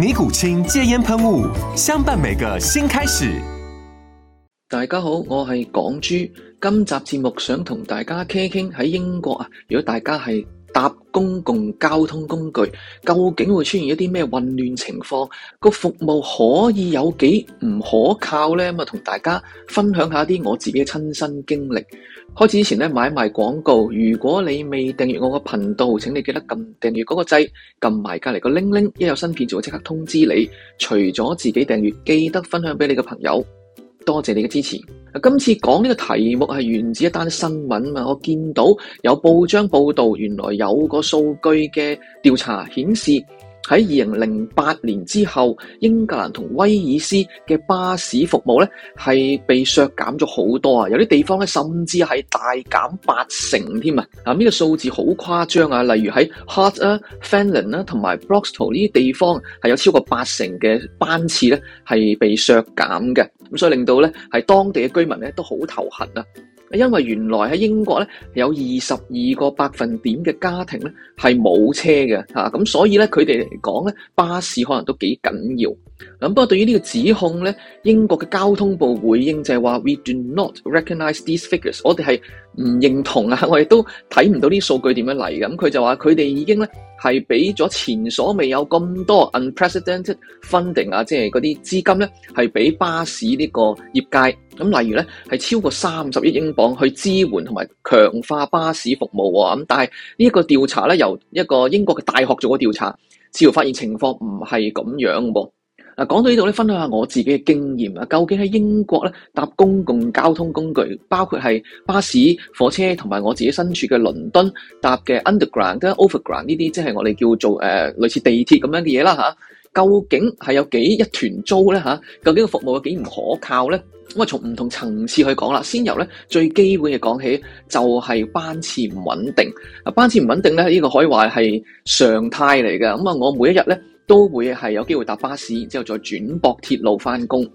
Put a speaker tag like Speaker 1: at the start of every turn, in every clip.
Speaker 1: 尼古清戒煙噴霧，相伴每個新開始。大家好，我係港豬。今集節目想同大家傾傾，喺英國啊，如果大家係，搭公共交通工具，究竟會出現一啲咩混亂情況？個服務可以有幾唔可靠呢？咁啊，同大家分享一下啲我自己嘅親身經歷。開始之前咧，賣埋廣告。如果你未訂閱我個頻道，請你記得撳訂閱嗰個掣，撳埋隔離個鈴鈴，一有新片就會即刻通知你。除咗自己訂閱，記得分享俾你嘅朋友。多謝你嘅支持。今次講呢個題目係源自一單新聞啊，我見到有報章報導，原來有個數據嘅調查顯示，喺二零零八年之後，英格蘭同威爾斯嘅巴士服務咧，係被削減咗好多啊！有啲地方咧，甚至係大減八成添啊、這個、啊！啊，呢個數字好誇張啊！例如喺 Hart、Fenland 啦，同埋 Broxtowe 呢啲地方，係有超過八成嘅班次咧，係被削減嘅。咁所以令到咧，係當地嘅居民咧，都好頭痕啊！因為原來喺英國咧，有二十二個百分點嘅家庭咧，係冇車嘅嚇。咁所以咧，佢哋嚟講咧，巴士可能都幾緊要。咁不過對於呢個指控咧，英國嘅交通部回應就係話：We do not recognize these figures，我哋係唔認同啊，我哋都睇唔到啲數據點樣嚟。咁佢就話佢哋已經咧，係俾咗前所未有咁多 unprecedented funding 啊，即係嗰啲資金咧，係俾巴士呢個業界。咁例如咧，係超過三十億英鎊去支援同埋強化巴士服務喎。咁但係呢一個調查咧，由一個英國嘅大學做個調查，似乎發現情況唔係咁樣噃。嗱，講到呢度咧，分享下我自己嘅經驗啊。究竟喺英國咧搭公共交通工具，包括係巴士、火車同埋我自己身處嘅倫敦搭嘅 Underground、跟 Overground 呢啲，即係我哋叫做誒、呃、類似地鐵咁樣嘅嘢啦嚇。究竟係有幾一團糟咧嚇？究竟個服務有幾唔可靠咧？咁啊，從唔同層次去講啦，先由咧最基本嘅講起，就係班次唔穩定。啊，班次唔穩定咧，呢個可以話係常態嚟嘅。咁啊，我每一日咧都會係有機會搭巴士，之後再轉駁鐵路翻工。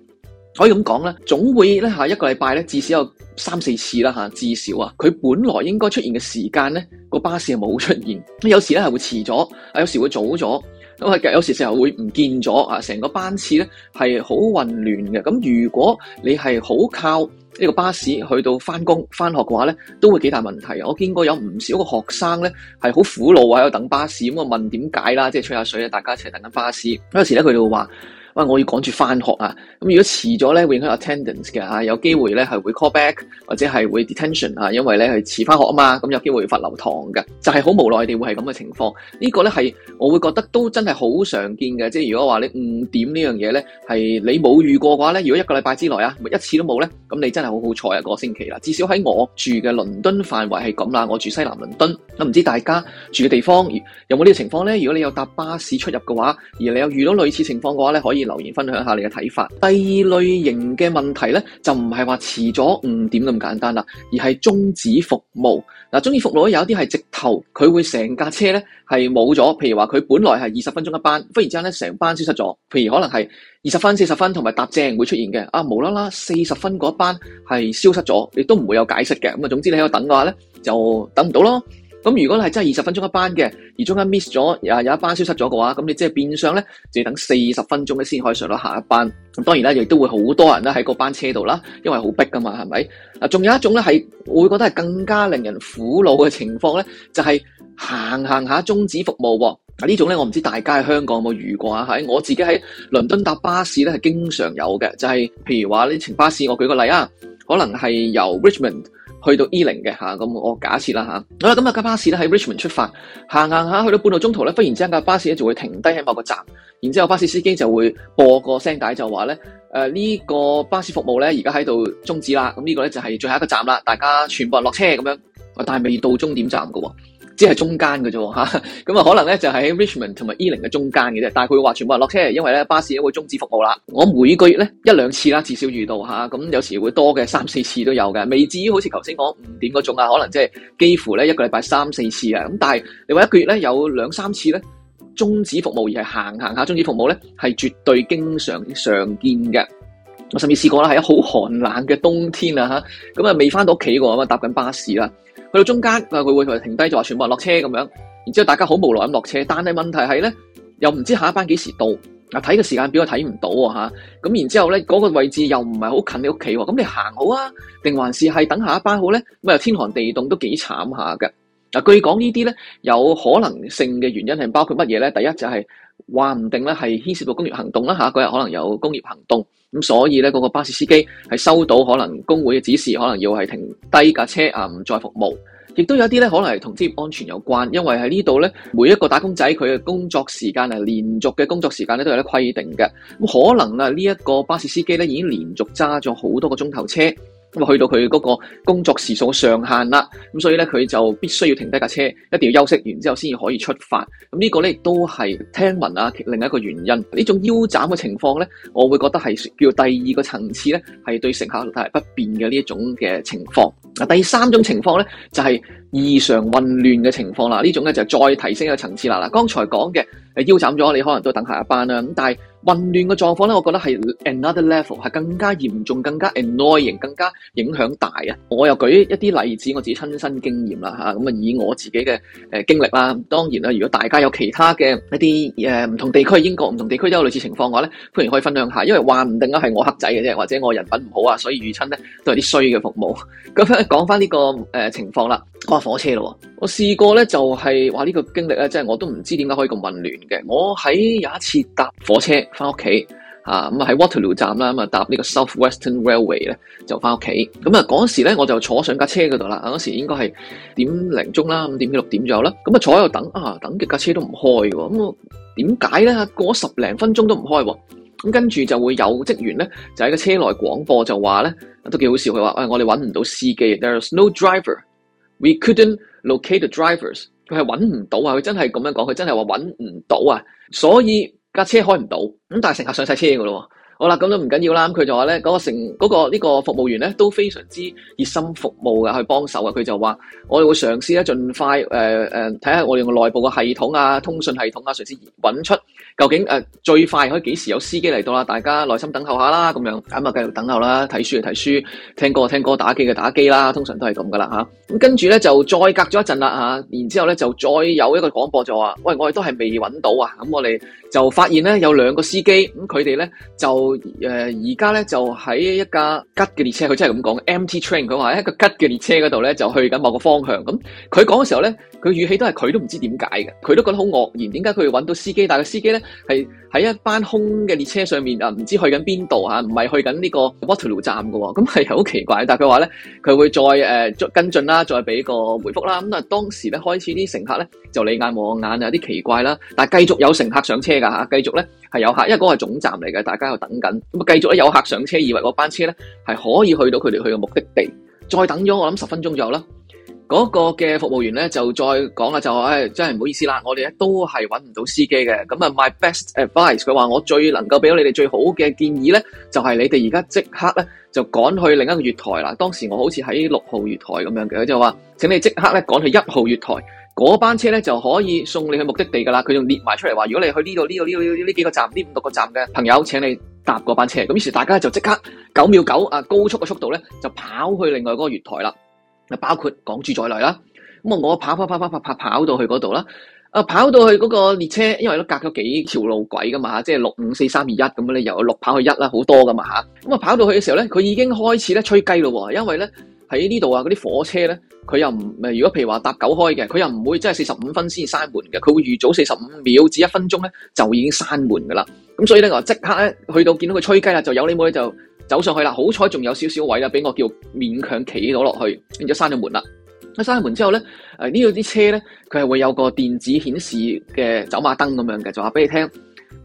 Speaker 1: 可以咁講咧，總會咧嚇一個禮拜咧，至少有三四次啦嚇。至少啊，佢本來應該出現嘅時間咧，個巴士係冇出現。有時咧係會遲咗，啊，有時會早咗。咁有時成日會唔見咗啊！成個班次咧係好混亂嘅。咁如果你係好靠呢個巴士去到翻工翻學嘅話咧，都會幾大問題。我見過有唔少個學生咧係好苦惱啊，喺度等巴士咁啊，我問點解啦？即係吹下水啊，大家一齊等緊巴士。有時咧佢哋會話。喂，我要趕住翻學啊！咁如果遲咗咧，會影響 attendance 嘅，有機會咧係會 call back 或者係會 detention 啊，因為咧係遲翻學啊嘛，咁有機會罰留堂嘅，就係好無奈地會係咁嘅情況。呢個咧係我會覺得都真係好常見嘅，即係如果話你誤點呢樣嘢咧，係你冇遇過嘅話咧，如果一個禮拜之內啊，一次都冇咧，咁你真係好好彩啊！個星期啦，至少喺我住嘅倫敦範圍係咁啦，我住西南倫敦，咁唔知大家住嘅地方有冇呢個情況咧？如果你有搭巴士出入嘅話，而你有遇到類似情況嘅話咧，可以。留言分享下你嘅睇法。第二類型嘅問題呢，就唔係話遲咗誤點咁簡單啦，而係中止服務。嗱，中止服務咧，有啲係直頭佢會成架車呢係冇咗。譬如話佢本來係二十分鐘一班，忽然之間呢成班消失咗。譬如可能係二十分、四十分同埋搭正會出現嘅啊，無啦啦四十分嗰班係消失咗，你都唔會有解釋嘅。咁啊，總之你喺度等嘅話呢，就等唔到咯。咁如果係真係二十分鐘一班嘅，而中間 miss 咗，又有一班消失咗嘅話，咁你即係變相咧，就要等四十分鐘咧先可以上到下一班。咁當然啦，亦都會好多人都喺嗰班車度啦，因為好逼噶嘛，係咪？啊，仲有一種咧係會覺得係更加令人苦惱嘅情況咧，就係行行下中止服務喎。啊，呢種咧我唔知大家喺香港有冇遇過啊？喺我自己喺倫敦搭巴士咧，係經常有嘅，就係、是、譬如話呢程巴士，我舉個例啊，可能係由 Richmond。去到 E 零嘅吓，咁我假設啦吓。好啦，咁啊架巴士咧喺 Richmond 出發，行行下去到半路中途咧，忽然之間架巴士咧就會停低喺某個站，然之後巴士司機就會播個聲帶就話咧，誒、呃、呢、呢個巴士服務咧而家喺度中止啦，咁呢個咧就係最後一個站啦，大家全部落車咁樣，但係未到終點站㗎喎。即係中間嘅啫喎，咁啊，可能咧就喺 Richmond 同埋 Ealing 嘅中間嘅啫，但係佢會話全部人落車，因為咧巴士會中止服務啦。我每個月咧一兩次啦，至少遇到嚇，咁有時會多嘅三四次都有嘅，未至於好似頭先講五點嗰種啊，可能即係幾乎咧一個禮拜三四次啊，咁但係你話一個月咧有兩三次咧中止服務而係行行下中止服務咧係絕對經常常見嘅。我甚至試過啦，係一好寒冷嘅冬天啊嚇，咁啊未翻到屋企喎，咁啊搭緊巴士啦。去到中間，佢會停低，就話全部落車咁樣。然之後大家好無奈，咁落車，但係問題係咧，又唔知下一班幾時到。睇個時間表又睇唔到吓。咁然之後咧，嗰個位置又唔係好近你屋企，咁你行好啊？定還是係等下一班好咧？咁啊，天寒地凍都幾慘下噶。嗱，據講呢啲咧，有可能性嘅原因係包括乜嘢咧？第一就係，是。話唔定咧係牽涉到工業行動啦吓，嗰日可能有工業行動，咁所以咧嗰個巴士司機係收到可能工會嘅指示，可能要係停低架車啊，唔再服務。亦都有啲咧可能係同職業安全有關，因為喺呢度咧每一個打工仔佢嘅工作時間係連續嘅工作時間咧都有得規定嘅，咁可能啊呢一個巴士司機咧已經連續揸咗好多個鐘頭車。咁去到佢嗰個工作時數上限啦，咁所以咧佢就必須要停低架車，一定要休息完之後先至可以出發。咁呢個咧都係聽聞啊，另一個原因呢種腰斬嘅情況咧，我會覺得係叫第二個層次咧，係對乘客係不便嘅呢一種嘅情況。第三種情況咧就係異常混亂嘅情況啦。呢種咧就係再提升一個層次啦。嗱，剛才講嘅誒腰斬咗，你可能都等下一班啦咁但係。混亂嘅狀況咧，我覺得係 another level，係更加嚴重、更加 annoying、更加影響大啊！我又舉一啲例子，我自己親身經驗啦嚇，咁啊以我自己嘅誒、呃、經歷啦，當然啦，如果大家有其他嘅一啲誒唔同地區英國唔同地區都有類似情況嘅話咧，歡迎可以分享下，因為話唔定啊係我黑仔嘅啫，或者我人品唔好啊，所以預親咧都係啲衰嘅服務。咁講翻呢個、呃、情況啦、哦哦，講下火車咯，我試過咧就係話呢個經歷咧，即係我都唔知點解可以咁混亂嘅。我喺有一次搭火車。翻屋企啊！咁啊喺 Waterloo 站啦，咁啊搭個 South Railway，呢個 South Western Railway 咧，就翻屋企。咁啊嗰時咧我就坐上架車嗰度啦。嗰時應該係點零鐘啦，五點至六點左右啦。咁啊坐喺度等啊，等極架車都唔開嘅。咁我點解咧？過咗十零分鐘都唔開。咁跟住就會有職員咧就喺個車內廣播就話咧，都幾好笑。佢話誒，我哋搵唔到司機，there's no driver，we couldn't locate the drivers。佢係搵唔到啊！佢真係咁樣講，佢真係話搵唔到啊！所以。架車開唔到，咁但係乘客上晒車嘅咯，好啦，咁都唔緊要啦。咁佢就話咧，嗰、嗰個成嗰、嗰個呢個服務員咧都非常之熱心服務嘅，去幫手嘅。佢就話我哋會嘗試咧盡快，誒、呃、誒，睇下我哋個內部嘅系統啊，通訊系統啊，嘗試揾出。究竟、呃、最快可以幾時有司機嚟到啦？大家耐心等候下啦，咁樣咁啊，繼續等候啦。睇書就睇書，聽歌啊聽歌，打機嘅打機啦。通常都係咁噶啦吓，咁、啊嗯、跟住咧就再隔咗一陣啦吓，然之後咧就再有一個廣播就話，喂，我哋都係未揾到啊。咁、嗯、我哋就發現咧有兩個司機，咁佢哋咧就誒而家咧就喺一架吉嘅列車，佢真係咁講。empty train，佢話喺一個吉嘅列車嗰度咧就去緊某個方向。咁佢講嘅時候咧，佢語氣都係佢都唔知點解嘅，佢都覺得好愕然。點解佢揾到司機，但係司機咧？係喺一班空嘅列車上面啊，唔知去緊邊度吓，唔係去緊呢個 Waterloo 站噶，咁係好奇怪。但係佢話咧，佢會再誒、呃、跟進啦，再俾個回覆啦。咁啊，當時咧開始啲乘客咧就你眼望眼啊，有啲奇怪啦。但係繼續有乘客上車噶吓，繼續咧係有客，因為嗰個係總站嚟嘅，大家又等緊。咁啊，繼續咧有客上車，以為嗰班車咧係可以去到佢哋去嘅目的地。再等咗我諗十分鐘左右啦。嗰、那個嘅服務員咧就再講啦，就話誒、哎，真係唔好意思啦，我哋咧都係揾唔到司機嘅。咁啊，my best advice，佢話我最能夠俾到你哋最好嘅建議咧，就係、是、你哋而家即刻咧就趕去另一個月台啦。當時我好似喺六號月台咁樣嘅，佢就話請你即刻咧趕去一號月台，嗰班車咧就可以送你去目的地噶啦。佢仲列埋出嚟話，如果你去呢度呢度呢呢呢幾個站呢五,五六個站嘅朋友，請你搭嗰班車。咁於是大家就即刻九秒九啊高速嘅速度咧就跑去另外嗰個月台啦。包括港珠在內啦，咁啊，我跑跑跑跑跑跑，跑，跑，跑到去嗰度啦，啊，跑到去嗰個列車，因為都隔咗幾條路軌噶嘛，即係六五四三二一咁咧，由六跑去一啦，好多噶嘛吓，咁啊跑到去嘅時候咧，佢已經開始咧吹雞咯，因為咧喺呢度啊嗰啲火車咧，佢又唔，如果譬如話搭九開嘅，佢又唔會即係四十五分先閂門嘅，佢會預早四十五秒至一分鐘咧就已經閂門噶啦，咁所以咧我即刻咧去到見到佢吹雞啦，有你有你就有呢妹就。走上去啦，好彩仲有少少位啦，俾我叫勉強企咗落去，然之後閂咗門啦。一閂咗門之後咧，誒呢度啲車咧，佢係會有個電子顯示嘅走馬燈咁樣嘅，就話俾你聽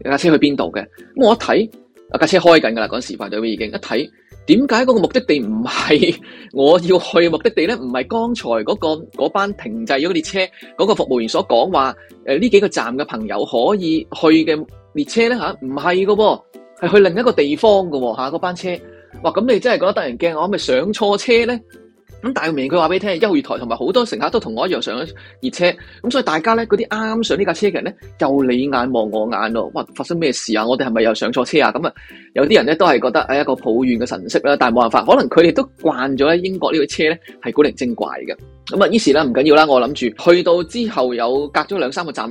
Speaker 1: 架車去邊度嘅。咁我一睇，啊架車開緊噶啦，嗰時快隊已經一睇，點解嗰個目的地唔係我要去嘅目的地咧？唔係剛才嗰、那個嗰班停滯咗嗰列車嗰、那個服務員所講話誒呢、呃、幾個站嘅朋友可以去嘅列車咧吓，唔係噶噃。係去另一個地方嘅喎，吓、啊、嗰班車，哇！咁你真係覺得得人驚，我係咪上錯車咧？咁但係明明佢話俾你聽，一號月台同埋好多乘客都同我一樣上咗熱車，咁所以大家咧，嗰啲啱上呢架車嘅人咧，又你眼望我眼咯，哇！發生咩事啊？我哋係咪又上錯車啊？咁啊，有啲人咧都係覺得係一個抱怨嘅神色啦，但係冇辦法，可能佢哋都慣咗咧英國呢個車咧係古靈精怪嘅。咁啊！於是咧，唔緊要啦，我諗住去到之後有隔咗兩三個站，我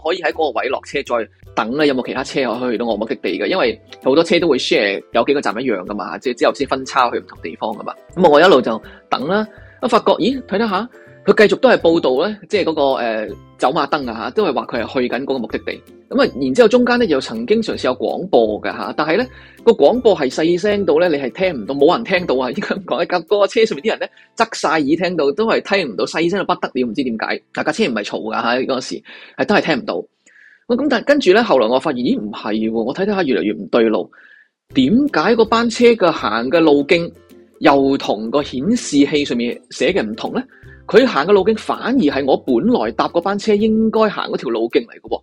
Speaker 1: 可可以喺嗰個位落車再等咧。有冇其他車可去到我目的地嘅？因為好多車都會 share 有幾個站一樣噶嘛，即係之後先分叉去唔同地方噶嘛。咁啊，我一路就等啦，一發覺咦睇得下。看看佢繼續都係報道咧，即係嗰個、呃、走馬燈啊，嚇都係話佢係去緊嗰個目的地咁啊。然之後中間咧又曾經嘗試有廣播㗎嚇。但係咧、個廣播係細聲到咧，你係聽唔到，冇人聽到啊。應該講一架車上面啲人咧側晒耳聽到都係聽唔到，細聲到不得了，唔知點解大架車唔係嘈噶，嚇嗰陣時係都係聽唔到。咁、啊、但係跟住咧，後來我發現咦唔係喎，我睇睇下越嚟越唔對路，點解個班車嘅行嘅路徑又同個顯示器上面寫嘅唔同咧？佢行嘅路徑反而係我本來搭嗰班車應該行嗰條路徑嚟嘅。哦，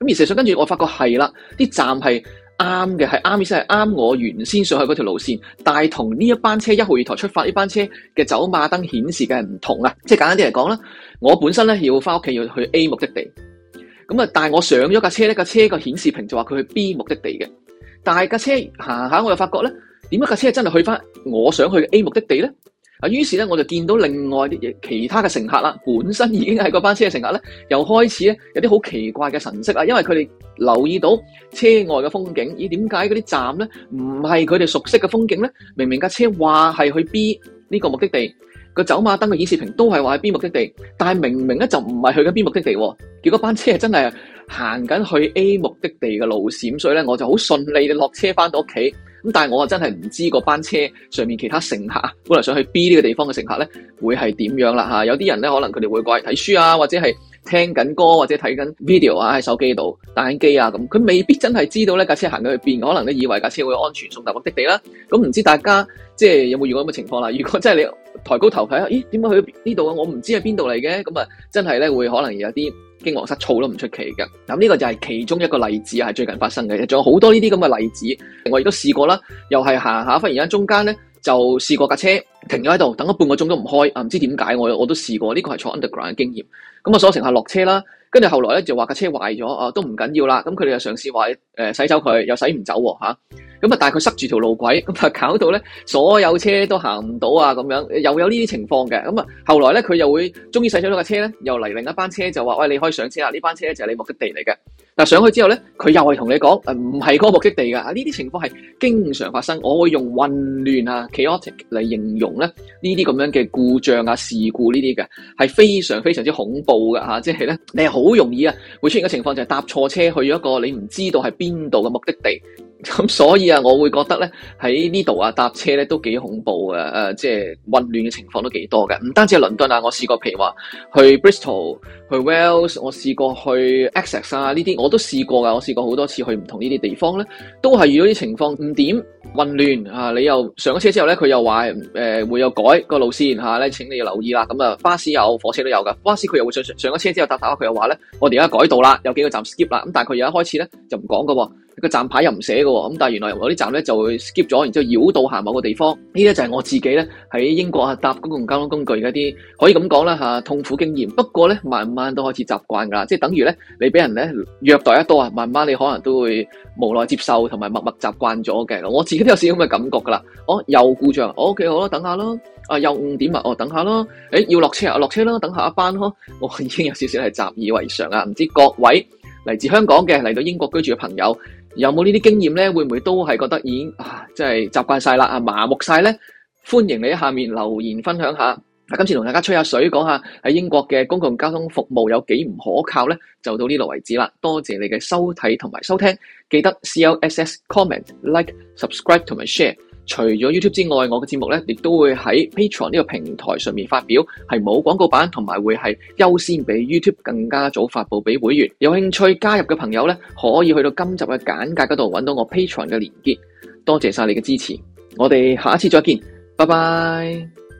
Speaker 1: 咁而事實上跟住我發覺係啦，啲站係啱嘅，係啱意思係啱我原先上去嗰條路線，但係同呢一班車一號月台出發呢班車嘅走馬燈顯示嘅係唔同啦。即係簡單啲嚟講啦，我本身咧要翻屋企要去 A 目的地，咁啊，但係我上咗架車，呢架車個顯示屏就話佢去 B 目的地嘅，但係架車行下我又發覺咧，點解架車真係去翻我想去嘅 A 目的地咧？啊，於是咧，我就見到另外啲其他嘅乘客啦，本身已經喺嗰班車嘅乘客咧，又開始咧有啲好奇怪嘅神色啦，因為佢哋留意到車外嘅風景，咦，點解嗰啲站咧唔係佢哋熟悉嘅風景咧？明明架車話係去 B 呢個目的地，個走馬燈嘅顯示屏都係話 B 目的地，但係明明咧就唔係去緊 B 目的地喎，結果班車係真係行緊去 A 目的地嘅路線，所以咧我就好順利地落車翻到屋企。咁但係我啊，真係唔知個班車上面其他乘客本來想去 B 呢個地方嘅乘客咧，會係點樣啦吓？有啲人咧可能佢哋會過嚟睇書啊，或者係聽緊歌，或者睇緊 video 啊，喺手機度打緊機啊咁。佢未必真係知道呢架車行到去邊，可能咧以為架車會安全送達目的地啦。咁唔知大家即係有冇遇到咁嘅情況啦？如果真係你抬高頭睇下，咦？點解去呢度啊？我唔知係邊度嚟嘅咁啊！就真係咧會可能有啲。驚惶失措都唔出奇嘅，咁呢個就係其中一個例子啊，係最近發生嘅，仲有好多呢啲咁嘅例子，我亦都試過啦，又係行行下忽然間中間咧。就試過架車停咗喺度，等咗半個鐘都唔開啊！唔知點解，我我都試過，呢個係坐 underground 嘅經驗。咁就所有乘客落車啦，跟住後來咧就話架車壞咗啊，都唔緊要啦。咁佢哋又嘗試話洗走佢，又洗唔走喎，啊。咁啊，但係佢塞住條路軌咁啊，搞到咧所有車都行唔到啊，咁樣又有呢啲情況嘅。咁啊，後來咧佢又會終於洗走咗架車咧，又嚟另一班車就話喂，你開上車啦，呢班車就係你目的地嚟嘅。但上去之後咧，佢又係同你講，誒唔係嗰個目的地㗎，啊呢啲情況係經常發生，我會用混亂啊 chaotic 嚟形容咧呢啲咁樣嘅故障啊，事故呢啲嘅，係非常非常之恐怖嘅吓，即係咧你係好容易啊會出現嘅情況就係搭錯車去一個你唔知道係邊度嘅目的地。咁所以啊，我會覺得咧喺呢度啊搭車咧都幾恐怖嘅，誒、呃、即係混亂嘅情況都幾多嘅。唔單止係倫敦啊，我試過，譬如話去 Bristol、去 Wales，我試過去 Essex 啊呢啲，我都試過噶。我試過好多次去唔同呢啲地方咧，都係遇到啲情況，唔點混亂啊！你又上咗車之後咧，佢又話誒、呃、會有改個路線吓咧、啊，請你要留意啦。咁、嗯、啊，巴士有，火車都有噶。巴士佢又會上上咗車之後搭搭，佢又話咧，我哋而家改道啦，有幾個站 skip 啦。咁但係佢而家開始咧就唔講噶。個站牌又唔寫嘅喎，咁但係原來有啲站咧就會 skip 咗，然之後繞道行某個地方。呢啲就係我自己咧喺英國啊搭公共交通工具嘅一啲可以咁講啦吓，痛苦經驗。不過咧慢慢都開始習慣㗎啦，即係等於咧你俾人咧虐待得多啊，慢慢你可能都會無奈接受同埋默默習慣咗嘅。我自己都有少少咁嘅感覺㗎啦。哦，又故障，我、哦、k 好啦，等下啦。啊又誤點啊，哦等下啦。誒要落車啊，落車啦，等下一班咯。我、哦、已經有少少係習以為常啦。唔知各位嚟自香港嘅嚟到英國居住嘅朋友。有冇呢啲經驗呢？會唔會都係覺得已經啊，即係習慣晒啦，啊麻木晒呢？歡迎你喺下面留言分享下。今次同大家吹下水，講下喺英國嘅公共交通服務有幾唔可靠呢，就到呢度為止啦。多謝你嘅收睇同埋收聽，記得 C L S S comment like subscribe 同埋 share。除咗 YouTube 之外，我嘅節目咧亦都會喺 Patreon 呢個平台上面發表，係冇廣告版，同埋會係優先比 YouTube 更加早發佈俾會員。有興趣加入嘅朋友咧，可以去到今集嘅簡介嗰度揾到我 Patreon 嘅連結。多謝晒你嘅支持，我哋下一次再見，拜拜。